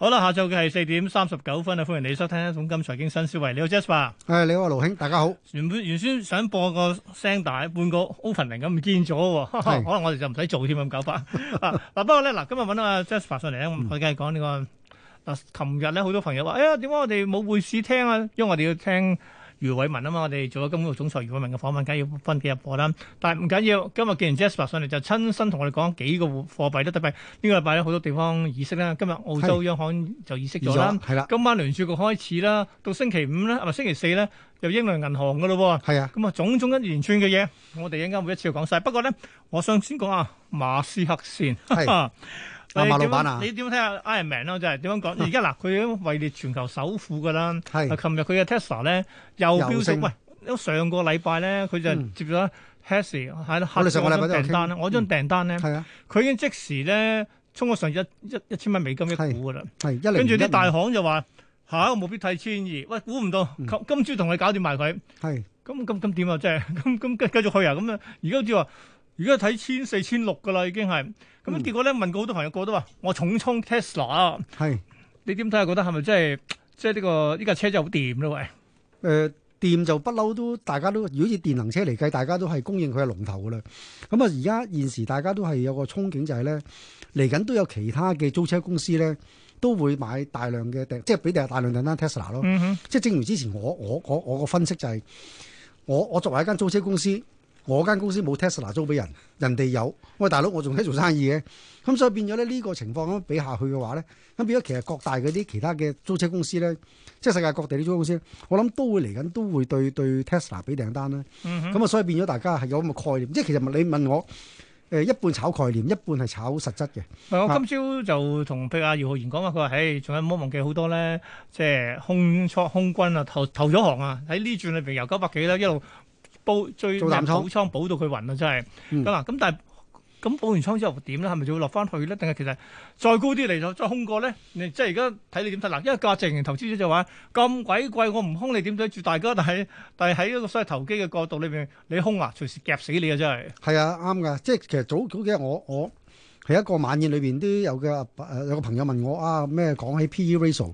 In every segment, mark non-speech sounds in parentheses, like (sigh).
好啦，下晝嘅係四點三十九分啊，歡迎你收聽《基金財經新思維》，你好，Jasper，係你好啊，盧兄，大家好。原本原先想播個聲帶，半個 opening 咁唔見咗，哈哈是可能我哋就唔使做添 (laughs) 咁搞法。啊，嗱，不過咧，嗱，今日揾阿 Jasper 上嚟咧，我哋梗係講呢個嗱，琴日咧，好多朋友話，哎呀，點解我哋冇會試聽啊？因為我哋要聽。余偉文啊嘛，我哋做咗金管局總裁余偉文嘅訪問，梗要分幾日播啦。但係唔緊要，今日既然 Jasper 上嚟，就親身同我哋講幾個貨幣都得嘅。呢、呢個禮拜咧，好多地方議息啦。今日澳洲央行就議息咗啦，係啦。今晚聯儲局開始啦，到星期五咧，啊，星期四咧，又英倫銀行噶嘞喎。啊的。咁啊，種種一連串嘅嘢，我哋一陣間每一次講晒。不過咧，我想先講啊，馬斯克先。的 (laughs) 阿馬老闆啊，你點樣睇下 Iron Man 咯？就係點樣講？而家嗱，佢已經位列全球首富噶啦。係。琴日佢嘅 Tesla 咧又飆升。喂，上個禮拜咧，佢就接咗 Hertz 喺客戶嗰張訂單我張訂單咧，係啊，佢已經即時咧衝咗上一一千蚊美金一股噶啦。係。一跟住啲大行就話下一個目標睇千二。喂，估唔到今朝同佢搞掂埋佢。係。咁咁咁點啊？即係咁咁繼繼續去啊？咁樣而家好似話，而家睇千四千六噶啦，已經係。咁、嗯、結果咧，問過好多朋友過都話：我重倉 Tesla 啊是！係，你點睇啊？覺得係咪真係，即係呢、這個呢架、這個、車就好掂咯？喂、呃，誒掂就不嬲都，大家都如果以電能車嚟計，大家都係供應佢係龍頭㗎啦。咁啊，而家現時大家都係有個憧憬，就係、是、咧，嚟緊都有其他嘅租車公司咧，都會買大量嘅訂，即係俾定大量訂單 Tesla 咯。即係、嗯、哼正如之前我我我我個分析就係、是，我我作為一間租車公司。我間公司冇 Tesla 租俾人，人哋有。我大佬，我仲喺度做生意嘅。咁所以變咗咧呢個情況咁比下去嘅話咧，咁變咗其實各大嗰啲其他嘅租車公司咧，即係世界各地啲租車公司，公司我諗都會嚟緊，都會對對 Tesla 俾訂單啦。咁啊、嗯哼，所以變咗大家係有咁嘅概念。即係其實你問我，誒一半炒概念，一半係炒實質嘅。嗯、我今朝就同譬如阿姚浩然講話，佢話誒，仲有冇忘記好多咧？即係空空軍啊，投投咗行啊，喺呢轉裏邊由九百幾啦一路。報最難補倉，補，到佢暈啦，真係。咁嗱、嗯，咁但係咁補完倉之後點咧？係咪就會落翻去咧？定係其實再高啲嚟咗再空過咧？即你即係而家睇你點睇嗱？因為價值型投資者就話咁鬼貴，我唔空你點對住大家？但係但係喺一個所謂投機嘅角度裏面，你空啊隨時夾死你啊真係。係啊，啱㗎。即係其實早早幾日我我。我喺一個晚宴裏邊，都有個有個朋友問我啊，咩講起 PE ratio，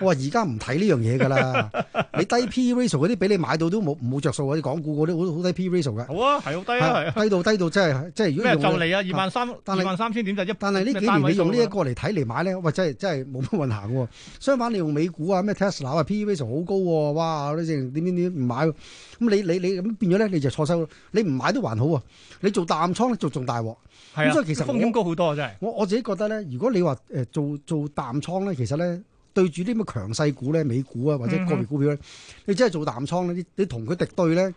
我話而家唔睇呢樣嘢噶啦。 (laughs) 你低 PE ratio 嗰啲，俾你買到都冇冇着數。嗰啲港股嗰啲，好低 PE ratio 噶。好啊，係好低啊，啊啊低到低到、就是，即係即係。如果咩就嚟啊，二萬三、二萬三千點就一。但係呢幾年你用來來呢一個嚟睇嚟買咧，喂，真係真係冇乜運行。相反，你用美股啊，咩 Tesla 啊，PE ratio 好高喎、啊，哇！你正點點唔買，咁你你你咁變咗咧，你就錯收。你唔買都還好啊，你做淡倉咧，仲仲大鑊。啊、所以其實風險高。好多真係，我我自己覺得咧，如果你話誒做做淡倉咧，其實咧。對住啲咁強勢股咧，美股啊或者個別股票咧、嗯哼，你真係做淡倉咧，你同佢敵對咧，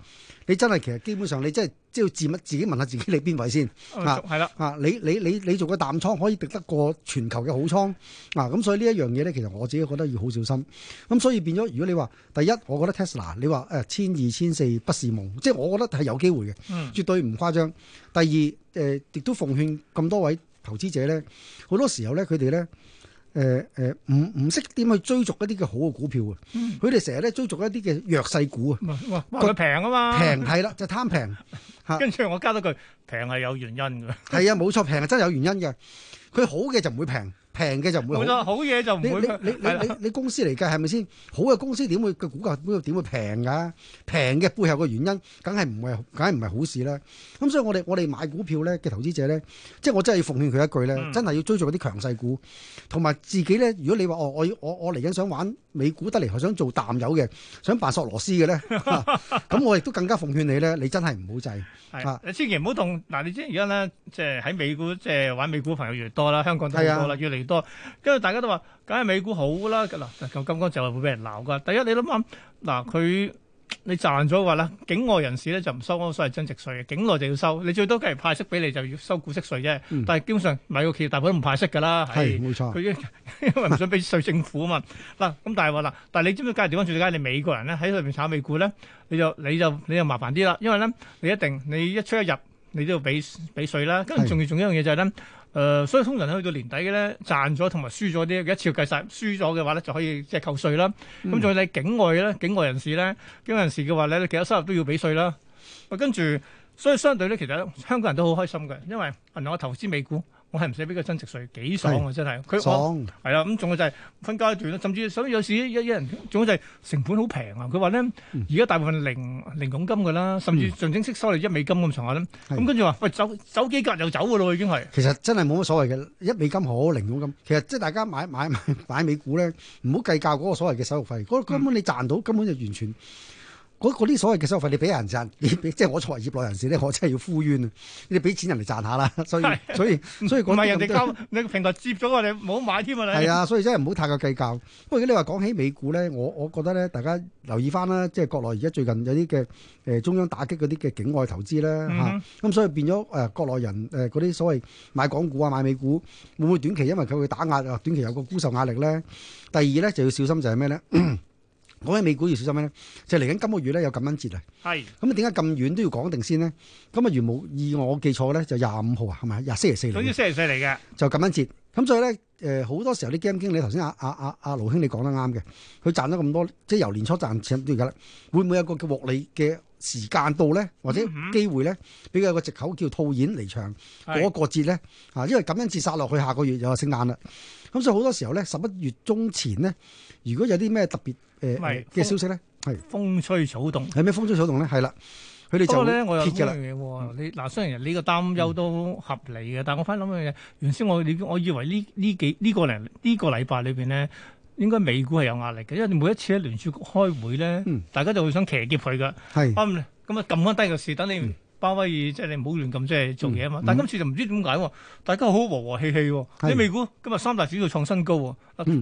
你真係其實基本上你真係即係自問，問自己問下自己你邊位先啊？係啦、嗯、啊！你你你你做個淡倉可以敵得過全球嘅好倉啊！咁所以呢一樣嘢咧，其實我自己覺得要好小心。咁所以變咗，如果你話第一，我覺得 Tesla 你話誒千二千四不是夢，即、就、係、是、我覺得係有機會嘅，絕對唔誇張。嗯、第二誒亦、呃、都奉勸咁多位投資者咧，好多時候咧佢哋咧。誒誒，唔唔識點去追逐一啲嘅好嘅股票啊！佢哋成日咧追逐一啲嘅弱勢股啊，佢平啊嘛，平係啦，就貪平。跟住 (laughs) 我加咗句，平係有原因㗎。係 (laughs) 啊，冇錯，平係真係有原因嘅。佢好嘅就唔會平，平嘅就唔會好。冇錯，好嘢就唔會你。你你你你公司嚟計係咪先？好嘅公司點會個股價點會平㗎？平嘅背後嘅原因，梗係唔係梗係唔係好事啦？咁所以我哋我哋買股票咧嘅投資者咧，即係我真係要奉勸佢一句咧，嗯，真係要追著嗰啲強勢股，同埋自己咧。如果你話哦，我我我嚟緊想玩。美股得嚟，佢想做淡友嘅，想扮索羅斯嘅咧，咁 (laughs) 我亦都更加奉勸你咧，你真係唔好制。係， (laughs) 你千祈唔好同嗱，你知而家咧，即係喺美股，即係玩美股朋友越多啦，香港都多啦，的越嚟越多。跟住大家都話，梗係美股好啦。嗱、啊，金剛就係會俾人鬧㗎。第一，你諗諗嗱，佢、啊。你賺咗嘅話咧，境外人士咧就唔收嗰個所謂增值稅嘅，境內就要收。你最多梗係派息俾你，就要收股息稅啫。嗯、但係基本上買個企業，大部分都唔派息㗎 (laughs) 啦。係，冇錯。佢因為唔想俾稅政府啊嘛。嗱，咁但係話啦，但係你知唔知今日點樣處理？梗係你美國人咧喺裏邊炒美股咧，你就你就你就，你就麻煩啲啦。因為咧，你一定你一出一入。你都要俾俾稅啦，跟住仲要仲有一樣嘢就係咧，誒是、呃，所以通常去到年底嘅咧賺咗同埋輸咗啲，一次計晒輸咗嘅話咧就可以即係扣稅啦。咁仲、嗯、有你境外咧，境外人士咧，境外人士嘅話咧，你其他收入都要俾稅啦。啊、跟住，所以相對咧，其實香港人都好開心嘅，因為原行原來我投資美股。我係唔使俾個增值稅，幾爽啊！真係，佢爽係啦，咁仲有就係分階段咯，甚至有時一一人總係成本好平啊！佢話咧，而家大部分零零佣金㗎啦，甚至象徵式收嚟一美金咁上下咧，咁跟住話，喂，走走幾格又走㗎咯，已經係。其實真係冇乜所謂嘅，一美金好零佣金。其實即係大家買買買買美股咧，唔好計較嗰個所謂嘅手續費，嗰根本你賺到根本就完全。嗰啲所謂嘅收費，你俾人賺，你即係我作為業內人士咧，我真係要呼冤 (laughs) 那那啊！你俾錢人嚟賺下啦，所以所以所以唔係人哋交你平台接咗，我哋唔好買添啊！你係啊，所以真係唔好太過計較。不過如果你話講起美股咧，我我覺得咧，大家留意翻啦，即係國內而家最近有啲嘅誒中央打擊嗰啲嘅境外投資啦嚇，咁、嗯哼啊、所以變咗誒、呃、國內人誒嗰啲所謂買港股啊買美股，會唔會短期因為佢會打壓啊？短期有個沽售壓力咧。第二咧就要小心就係咩咧？咳咳講起美股要小心咩咧？就嚟、是、緊今個月咧有感恩節啊！係是，咁啊點解咁遠都要講定先咧？咁啊，如無意外，我記錯咧，就廿五號啊，係咪廿四日四嚟。嗰啲星期四嚟嘅。就感恩節，咁所以咧，誒、呃、好多時候啲基金經理頭先阿阿阿阿盧兄你講得啱嘅，佢賺咗咁多，即係由年初賺錢到而家咧，會唔會有個叫獲利嘅？時間到咧，或者機會咧，嗯、哼比較個藉口叫套現離場是過一個節咧，嚇，因為咁樣自殺落去，下個月又係聖誕啦。咁所以好多時候咧，十一月中前咧，如果有啲咩特別誒嘅、呃、風消息咧，係風吹草動，係咩風吹草動咧？係啦，佢哋就好多咧，我又鐵嘅啦。你嗱、嗯，雖然你個擔憂都合理嘅，嗯、但係我翻諗嘅原先我我以為、這個這個、呢呢幾呢個嚟呢個禮拜裏邊咧。應該美股係有壓力嘅，因為每一次喺聯儲局開會咧，嗯、大家就會想騎劫佢噶。咁咁啊撳翻低個市，等你鮑威爾即係你唔好亂咁即係做嘢啊嘛。但係今次就唔知點解，大家好和和氣氣喎。是你美股今日三大指數創新高喎，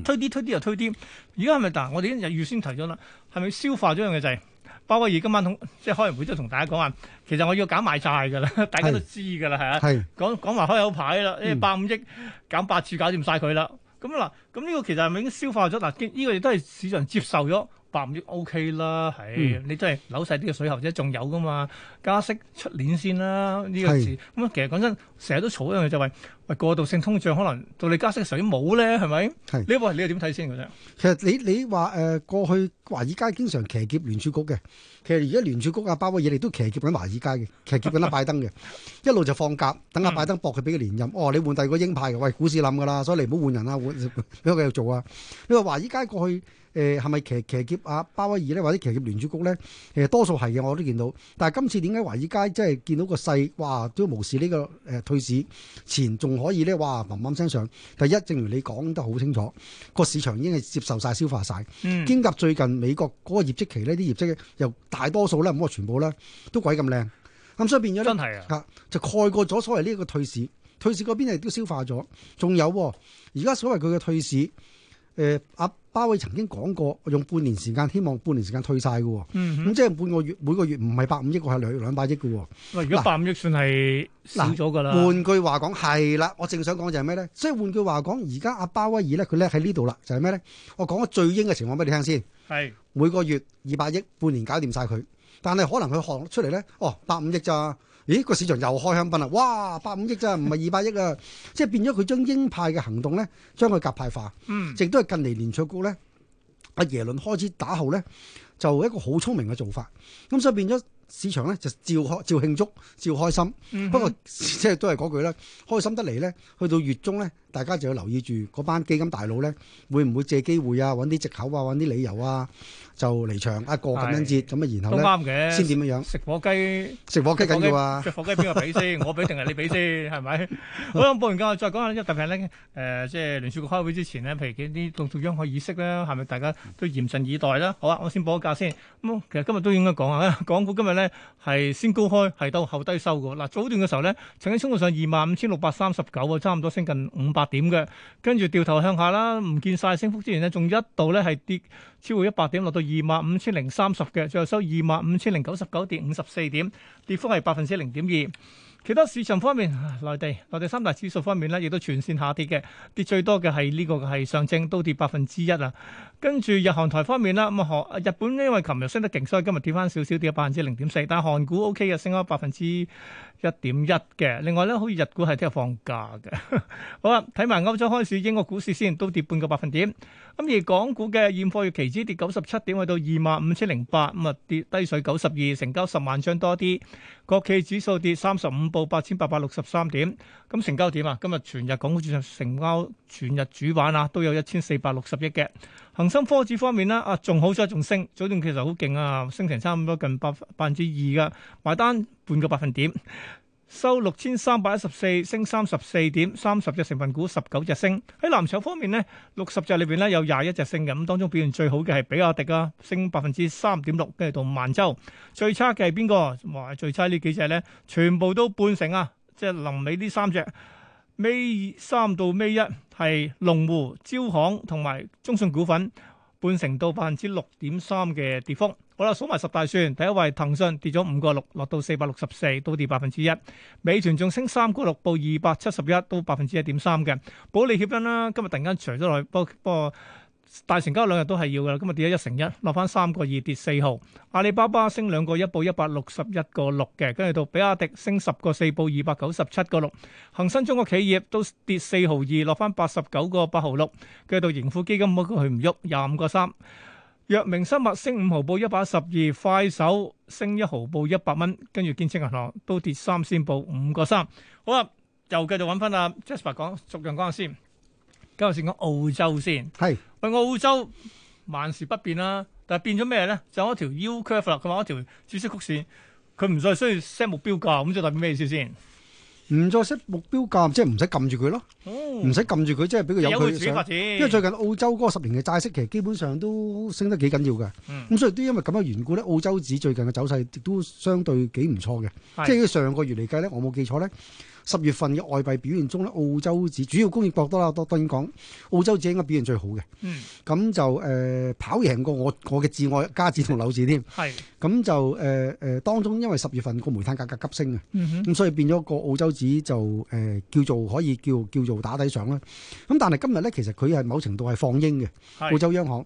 推啲推啲又推啲。而家係咪？但我哋已經預先提咗啦，係咪消化咗樣嘅就係、是、鮑威爾今晚即係開完會都同大家講話，其實我要減賣債㗎啦，大家都知㗎啦，係啊。講講埋開口牌啦，呢百五億減八次搞掂晒佢啦。咁嗱，咁呢個其實係咪已經消化咗？嗱，呢個亦都係市場接受咗。百五億 OK 啦，係、嗯、你真係扭晒啲嘅水喉啫，仲有噶嘛？加息出年先啦，呢、這個事。咁啊是。其實講真，成日都吵咗佢、就是，就係喂過渡性通脹，可能到你加息嘅時候都冇咧，係咪？係是你你又點睇先嗰隻？其實你你話誒、呃、過去華爾街經常騎劫聯儲局嘅，其實而家聯儲局啊鮑威爾嚟都騎劫緊華爾街嘅，騎劫緊阿拜登嘅， (laughs) 一路就放鴿，等阿拜登搏佢俾佢連任。嗯、哦，你換第二個鷹派嘅，喂股市諗噶啦，所以你唔好換人啊，換俾佢 (laughs) 繼續做啊。你話華爾街過去。誒係咪騎騎劫阿、啊、鮑威爾咧，或者騎劫聯儲局咧？其、呃、多數係嘅，我都見到。但係今次點解華爾街即係見到個勢，哇都無視呢、這個誒、呃、退市前仲可以咧，哇慢慢升上。第一，正如你講得好清楚，個市場已經係接受晒、消化晒。兼及、嗯、最近美國嗰個業績期呢啲業績又大多數咧，唔好話全部咧，都鬼咁靚。咁所以變咗真咧嚇、啊，就蓋過咗所謂呢個退市。退市嗰邊亦都消化咗，仲有而家所謂佢嘅退市。誒，阿鮑、呃、威曾經講過用半年時間，希望半年時間退晒嘅。咁、嗯、哼即係半個月每個月唔係百五億，係兩兩百億嘅、哦。嗱，如果百五億算係少咗噶啦。換句話講，係啦，我正想講就係咩咧？即係換句話講，而家阿鮑威爾咧，佢叻喺呢度啦，就係咩咧？我講個最應嘅情況俾你聽先，係是每個月二百億，半年搞掂晒佢，但係可能佢學出嚟咧，哦，百五億咋？咦，個市場又開香檳啦！哇，百五億咋，唔係二百億啊！ (laughs) 即係變咗佢將鷹派嘅行動咧，將佢鴿派化，嗯，淨都係近嚟聯儲局咧，阿、啊、耶倫開始打後咧，就一個好聰明嘅做法，咁所以變咗市場咧就照開、照慶祝、照開心，嗯、哼不過即係都係嗰句啦，開心得嚟咧，去到月中咧。大家就要留意住嗰班基金大佬咧，會唔會借機會啊，揾啲藉口啊，揾啲理由啊，就離場一過咁樣節咁啊，樣的然後咧先點樣樣？食火雞，食火雞緊要啊！食火雞邊個俾先？ (laughs) 我俾定係你俾先？係咪？好啦，報完價再講下一特平咧。誒，即係聯儲局開會之前呢，譬如見啲總統央行議息啦，係咪大家都嚴陣以待啦？好啊，我先報個價先。咁其實今日都應該講下。港股今日咧係先高開，係到後低收嘅。嗱，早段嘅時候咧，曾經衝到上二萬五千六百三十九啊，差唔多升近五百。八點嘅，跟住掉頭向下啦，唔見晒升幅之前咧，仲一度咧係跌超過一百點，落到二萬五千零三十嘅，最後收二萬五千零九十九，跌五十四點，跌幅係百分之零點二。其他市場方面，內地內地三大指數方面咧，亦都全線下跌嘅，跌最多嘅係呢個係上證，都跌百分之一啦。跟住日韓台方面啦，咁啊，日本呢，因為琴日升得勁，所以今日跌翻少少，跌百分之零點四。但係韓股 O K 嘅，升咗百分之一點一嘅。另外咧，好似日股係聽日放假嘅。 (laughs) 好啦，睇埋歐洲開市，英國股市先都跌半個百分點。咁而港股嘅現貨月期指跌九十七點，去到二萬五千零八，咁啊跌低水九十二，成交十萬張多啲。國企指數跌三十五。報八千八百六十三點，咁成交點啊！今日全日港股市場成交全日主板啊，都有一千四百六十億嘅。恒生科指方面啦、啊，啊，仲好彩，仲升，早段其實好勁啊，升成差唔多近百百分之二噶，埋單半個百分點。收六千三百一十四，升三十四點，三十隻成分股十九隻升。喺藍籌方面咧，六十隻裏邊咧有廿一隻升嘅，咁當中表現最好嘅係比亞迪啦，升百分之三點六，跟住到萬洲。最差嘅係邊個？同埋最差呢幾隻咧，全部都半成啊！即係臨尾呢三隻尾三到尾一係龍湖、招行同埋中信股份，半成到百分之六點三嘅跌幅。好啦，數埋十大算，第一位騰訊跌咗五個六，落到四百六十四，都跌百分之一。美團仲升三個六，報二百七十一，都百分之一點三嘅。保利協鑫啦，今日突然間除咗落去，不過大成交兩日都係要噶啦，今日跌咗一成一，落翻三個二，跌四毫。阿里巴巴升兩個一，報一百六十一個六嘅，跟住到比亞迪升十個四，報二百九十七個六。恒生中國企業都跌四毫二，落翻八十九個八毫六，跟住到盈富基金冇去唔喐，廿五個三。藥明生物升五毫報一百一十二，快手升一毫報一百蚊，跟住建設銀行都跌三先報五個三。好啦，又繼續揾翻阿 Jasper 講，逐樣講下先。今日先講澳洲先，係喂是澳洲萬事不變啦、啊，但係變咗咩咧？就嗰條 U curve 啦，佢話嗰條紫色曲線，佢唔再需要 set 目標噶，咁即係代表咩意思先？唔再 set 目標價，即係唔使撳住佢咯，唔使撳住佢，即係俾佢有佢。因為最近澳洲嗰十年嘅債息其實基本上都升得幾緊要嘅。咁、嗯、所以都因為咁嘅緣故咧，澳洲紙最近嘅走勢亦都相對幾唔錯嘅。是即係上個月嚟計咧，我冇記錯咧。十月份嘅外幣表現中咧，澳洲紙主要工業國多啦，多當然講澳洲紙應該表現最好嘅。嗯，咁就誒跑贏過我我嘅自外加紙同樓紙添。係，咁就誒誒當中，因為十月份個煤炭價格急升嘅，嗯哼，咁所以變咗個澳洲紙就誒叫做可以叫叫做打底上啦。咁但係今日咧，其實佢係某程度係放鷹嘅澳洲央行。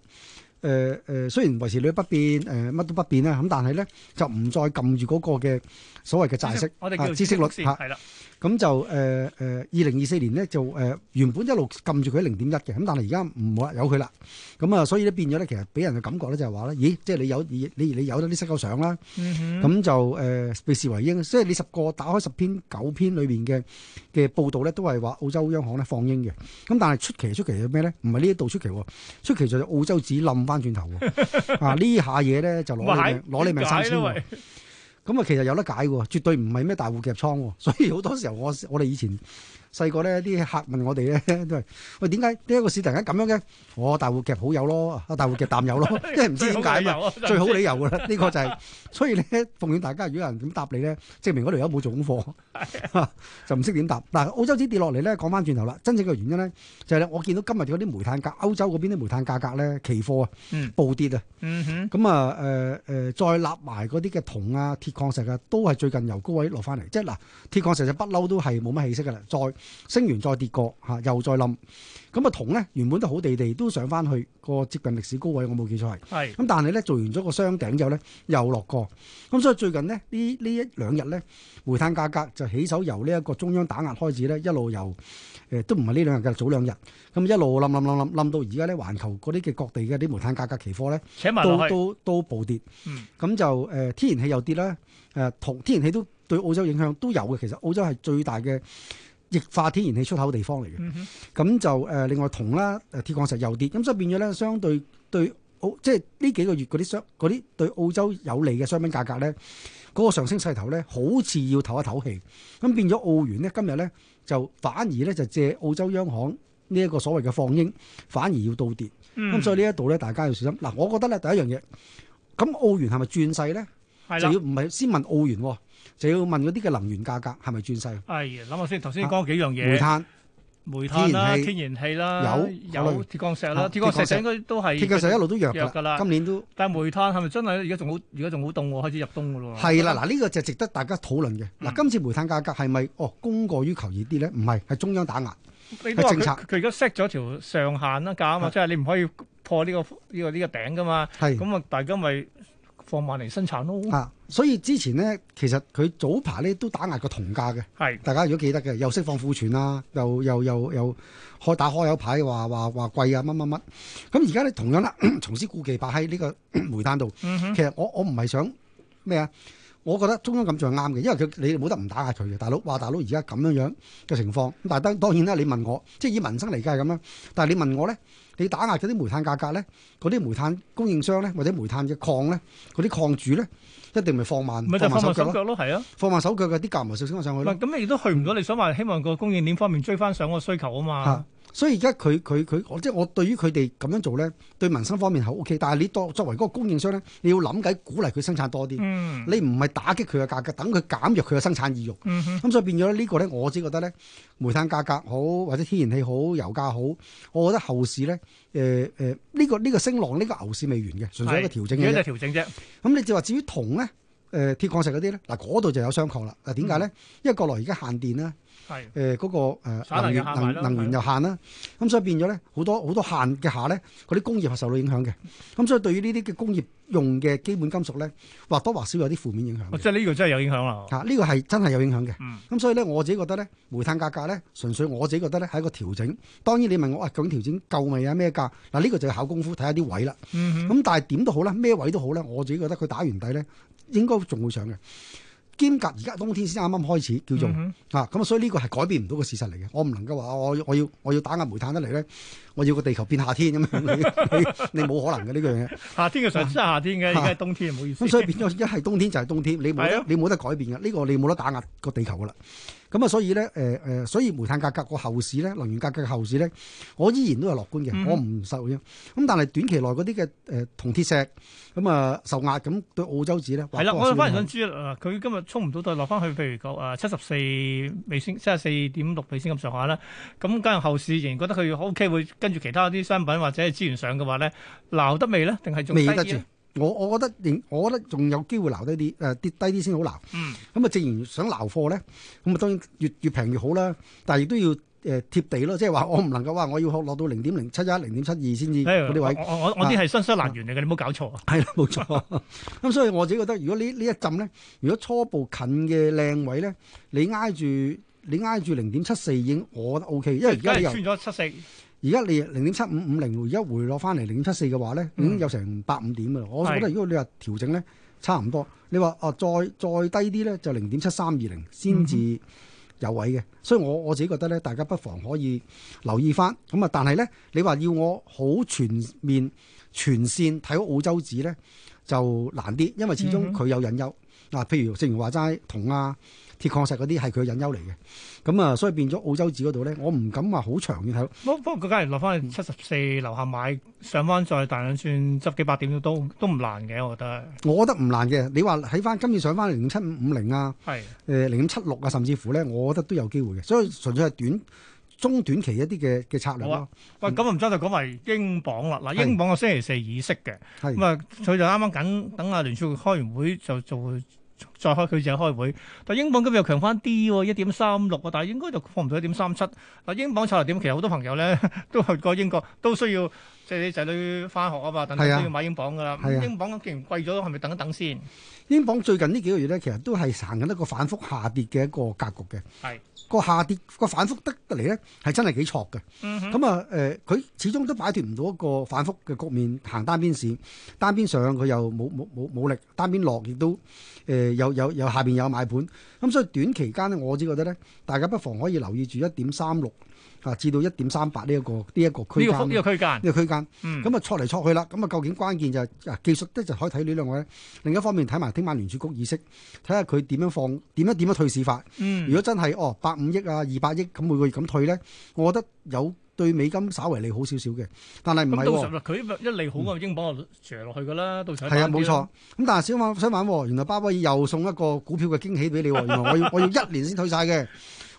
誒誒，雖然維持率不變，誒乜都不變啦，咁但係咧就唔再撳住嗰個嘅所謂嘅債息，我哋叫孳息率先係啦。咁就誒誒，二零二四年咧就誒、呃、原本一路撳住佢零點一嘅，咁但係而家唔冇話有佢啦。咁啊、嗯，所以咧變咗咧，其實俾人嘅感覺咧就係話咧，咦，即係你有你你有咗啲失救相啦。咁、嗯、哼就誒、呃、被視為鷹。即係你十個打開十篇九篇裏邊嘅嘅報道咧，都係話澳洲央行咧放鷹嘅。咁但係出奇出奇係咩咧？唔係呢一度出奇，出奇就係澳洲紙冧翻轉頭啊！下呢下嘢咧就攞攞你命三千。 (laughs) 咁啊，其實有得解喎，絕對唔係咩大戶夾倉，所以好多時候我我哋以前細個咧，啲客問我哋咧都係喂，點解呢一個市突然間咁樣嘅？我大戶夾好友咯，大戶夾淡友咯，即 (laughs) 為唔知點解嘛，最好理由啦，呢 (laughs) 個就係、是、所以咧，奉勸大家如果有人點答你咧，證明嗰條友冇做功課 (laughs) (laughs) 就唔識點答。嗱，澳洲紙跌落嚟咧，講翻轉頭啦，真正嘅原因咧就係咧，我見到今日嗰啲煤炭價，歐洲嗰邊啲煤炭價格咧期貨啊，暴跌啊，咁啊誒誒再立埋嗰啲嘅銅啊鐵。礦石啊，都係最近由高位落翻嚟，即係嗱，鐵礦石就不嬲都係冇乜氣息噶啦，再升完再跌過，吓又再冧。咁啊，銅咧原本都好地地都上翻去個接近歷史高位，我冇記錯係。係是。咁但係咧做完咗個雙頂之後咧，又落過。咁所以最近咧呢兩呢一兩日咧，煤炭價格就起手由呢一個中央打壓開始咧，一路由誒、呃、都唔係呢兩日嘅早兩日，咁一路冧冧冧冧冧到而家咧，環球嗰啲嘅各地嘅啲煤炭價格期貨咧，都都都暴跌。咁、嗯、就誒、呃，天然氣又跌啦。誒、呃，同天然氣都對澳洲影響都有嘅。其實澳洲係最大嘅。液化天然氣出口地方嚟嘅，咁、嗯、哼就誒、呃、另外銅啦、鐵礦石又跌，咁所以變咗咧，相對對澳即係呢幾個月嗰啲商啲對澳洲有利嘅商品價格咧，嗰、那個上升勢頭咧，好似要唞一唞氣，咁變咗澳元咧，今日咧就反而咧就借澳洲央行呢一個所謂嘅放鷹，反而要倒跌，咁、嗯、所以呢一度咧，大家要小心。嗱，我覺得咧第一樣嘢，咁澳元係咪轉勢咧？的就要唔係先問澳元。就要問嗰啲嘅能源價格係咪轉勢？係諗下先，頭先講幾樣嘢。煤炭、煤炭天然氣啦，有有鐵礦石啦，鐵礦石應該都係鐵礦石一路都弱㗎啦，今年都。但係煤炭係咪真係而家仲好？而家仲好凍喎，開始入冬㗎咯喎。係啦，嗱呢個就值得大家討論嘅。嗱，今次煤炭價格係咪哦供過於求熱啲咧？唔係，係中央打壓。呢個政策，佢而家 set 咗條上限啦價啊嘛，即係你唔可以破呢個呢個呢個頂㗎嘛。係。咁啊，大家咪，放慢嚟生產咯。啊，所以之前咧，其實佢早排咧都打壓個同價嘅。係是，大家如果記得嘅，又釋放庫存啦、啊，又又又又開打開口牌，話話話貴啊，乜乜乜。咁而家咧同樣啦，重施故技擺喺呢、這個 (coughs) 煤炭度。其實我我唔係想咩啊？我覺得中央咁就係啱嘅，因為佢你冇得唔打壓佢嘅，大佬話大佬而家咁樣樣嘅情況，但係當當然啦，你問我，即係以民生嚟計係咁啦，但係你問我咧，你打壓嗰啲煤炭價格咧，嗰啲煤炭供應商咧，或者煤炭嘅礦咧，嗰啲礦主咧，一定咪放慢放手腳咯，放慢手腳嘅啲價目上升上去咯。咁你亦都去唔到，你想話希望個供應鏈方面追翻上個需求啊嘛。所以而家佢佢佢我即係我對於佢哋咁樣做咧，對民生方面係 O K，但係你作作為嗰個供應商咧，你要諗緊鼓勵佢生產多啲，嗯、你唔係打擊佢嘅價格，等佢減弱佢嘅生產意欲。咁、嗯、哼所以變咗呢個咧，我只覺得咧，煤炭價格好或者天然氣好油價好，我覺得後市咧，誒誒呢個呢、這個升浪呢、這個牛市未完嘅，純粹一個調整嘅。調整啫。咁你就話至於銅咧，誒鐵礦石嗰啲咧，嗱嗰度就有雙抗啦。嗱點解咧？因為國內而家限電啦。係，誒嗰、呃那個、呃、能源能源又限啦，咁的、嗯、所以變咗咧好多好多限嘅下咧，嗰啲工業係受到影響嘅，咁 (laughs) 所以對於呢啲嘅工業用嘅基本金屬咧，或多或少有啲負面影響，哦。即係呢個真係有影響啦嚇，呢、啊這個係真係有影響嘅。咁、嗯嗯、所以咧，我自己覺得咧，煤炭價格咧，純粹我自己覺得咧，係一個調整。當然你問我啊，究竟調整夠未啊？咩價嗱？呢、這個就係考功夫，睇下啲位啦。咁、嗯、哼但係點都好啦，咩位都好啦，我自己覺得佢打完底咧，應該仲會上嘅。兼隔而家冬天先啱啱開始，叫做、嗯、哼啊，咁所以呢個係改變唔到嘅事實嚟嘅。我唔能夠話我我要我要打壓煤炭得嚟咧，我要個地球變夏天咁樣， (laughs) (laughs) 你你冇可能嘅呢、呢個嘢。 (laughs) 夏天嘅時候，真係夏天嘅，依家冬天唔、啊、好意思。咁、啊、所以變咗一係冬天就係冬天，你冇 (laughs) 你冇得改變嘅，呢、呢個你冇得打壓個地球噶啦。咁啊，所以咧，誒、呃、誒，所以煤炭價格個後市咧，能源價格嘅後市咧，我依然都係樂觀嘅，嗯、哼我唔受應咁。但係短期內嗰啲嘅誒銅鐵石咁啊、嗯、受壓，咁對澳洲紙咧，係啦，我反而想知啊，佢今日衝唔到就落翻去，譬如講啊七十四美仙，七十四點六美仙咁上下啦。咁加上後市仍然覺得佢 O K，會跟住其他啲商品或者資源上嘅話咧，鬧得未咧，定係仲，未得住。我我覺得，認我覺得仲有機會撈低啲，誒、呃、跌低啲先好撈。嗯。咁啊，正然想撈貨咧，咁啊當然越越平越好啦。但係亦都要誒、呃、貼地咯，即係話我唔能夠話我要可落到零點零七一、零點七二先至啲位。我我我啲係紐西蘭元嚟嘅，你冇搞錯啊。係啦，冇錯。咁、 (laughs) 嗯、所以我自己覺得，如果呢呢一,一陣咧，如果初步近嘅靚位咧，你挨住你挨住零點七四已經，我覺得 O K。因為而家你又穿咗七四。而家你零點七五五零，而家回落翻嚟零點七四嘅話咧，已經有成八五點嘅啦。我覺得如果你話調整咧，差唔多。是你話啊再再低啲咧，就零點七三二零先至有位嘅。Mm hmm. 所以我我自己覺得咧，大家不妨可以留意翻。咁啊，但係咧，你話要我好全面全線睇澳洲紙咧，就難啲，因為始終佢有隱憂嗱。Mm hmm. 譬如正如話齋，同啊。鐵礦石嗰啲係佢嘅隱憂嚟嘅，咁啊，所以變咗澳洲紙嗰度咧，我唔敢話好長遠睇。不不過佢假如落翻七十四樓下買，上翻再大兩轉，執幾百點都都唔難嘅，我覺得。我覺得唔難嘅，你話喺翻今次上翻零點七五五零啊，係誒零點七六啊，甚至乎咧，我覺得都有機會嘅。所以純粹係短中短期一啲嘅嘅策略啊。喂，咁啊唔錯，就講埋英鎊啦。嗱的，英鎊個星期四議息嘅，咁啊的，佢就啱啱緊等阿聯儲會開完會就做。再開佢就開會，但英鎊今日又強返啲喎，一點三六啊，但係應該就放唔到一點三七。嗱，英鎊策略點？其實好多朋友咧都去過英國，都需要即係你仔女返學啊嘛，等等都要買英鎊㗎啦。咁英鎊既然貴咗，係咪等一等先？英鎊最近呢幾個月咧，其實都係行緊一個反覆下跌嘅一個格局嘅。係個下跌個反覆得嚟咧，係真係幾挫嘅。咁啊誒，佢始終都擺脱唔到一個反覆嘅局面，行單邊市，單邊上佢又冇冇冇冇力，單邊落亦都誒有。有有下邊有買盤，咁所以短期間咧，我只覺得咧，大家不妨可以留意住一點三六啊，至到一點三八呢一個呢一個區間呢個區間呢個區間，咁啊戳嚟戳去啦，咁啊究竟關鍵就係啊、技術咧就可以睇呢兩位，另一方面睇埋聽晚聯儲局議息，睇下佢點樣放點樣點樣退市法，嗯、如果真係哦百五億啊二百億咁、啊、每個月咁退咧，我覺得有。對美金稍為利好少少嘅，但係唔係喎？佢一利好、嗯、我已經幫佢除落去㗎啦。到時係啊，冇錯。咁但係小馬想玩原來鮑威爾又送一個股票嘅驚喜俾你喎。原來我要 (laughs) 我要一年先退晒嘅。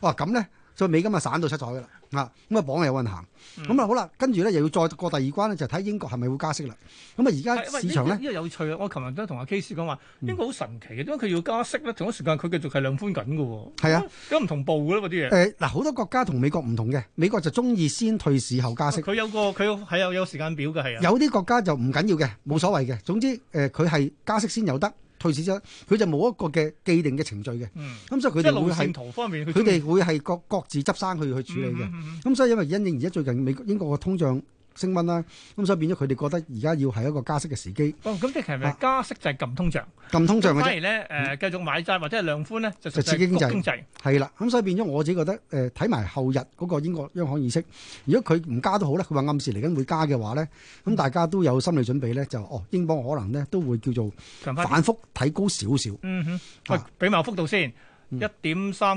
哇，咁咧？再美金咪散到七彩嘅啦，啊咁啊鎊又有運行，咁啊、嗯嗯、好啦，跟住咧又要再過第二關咧，就睇英國係咪會加息啦？咁啊而家市場咧，因為有趣啊，我琴日都同阿 K 師講話，英國好神奇，嘅、嗯，點解佢要加息咧？同一時間佢繼續係量寬緊嘅喎。係啊，咁唔同步嘅咯，嗰啲嘢。誒、呃、嗱，好多國家同美國唔同嘅，美國就中意先退市後加息。佢、呃、有個佢有有有時間表嘅係啊。有啲國家就唔緊要嘅，冇所謂嘅，總之誒佢係加息先有得。退市咗，佢就冇一個嘅既定嘅程序嘅。咁所以佢哋會係佢哋會係各、嗯、各自執生去去處理嘅。咁所以因為因應而家最近美國英國嘅通脹升溫啦，咁所以變咗佢哋覺得而家要係一個加息嘅時機。哦，咁即係其實加息就係撳通脹，撳、啊、通脹或者，例如咧誒繼續買債或者量寬呢，就刺激經濟。係啦、嗯，咁所以變咗我自己覺得誒睇埋後日嗰個英國央行意識，如果佢唔加都好咧，佢話暗示嚟緊會加嘅話咧，咁、嗯、大家都有心理準備咧，就哦英鎊可能咧都會叫做反覆睇高少少。嗯哼，喂、啊，俾埋幅度先，一點三。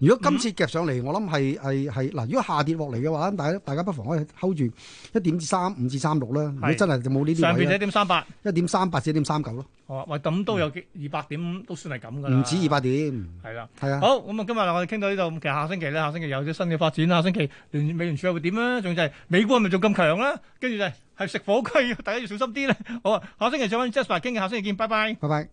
如果今次夾上嚟，我諗係係係嗱，如果下跌落嚟嘅話，大家大家不妨可以 hold 住一點三五至三六啦。如果真係就冇呢啲位咧，上邊一點三八，一點三八至一點三九咯。好啊，喂，咁都有二百點，嗯、都算係咁噶。唔止二百點。係啦的，係啊的。好，咁啊，今日我哋傾到呢度，其實下星期咧，下星期有啲新嘅發展。下星期聯美聯儲又會點咧？仲就係美國係咪仲咁強咧？跟住就係係食火雞，大家要小心啲咧。好啊，下星期再翻 Jasper 傾，下星期見，拜拜， 拜拜。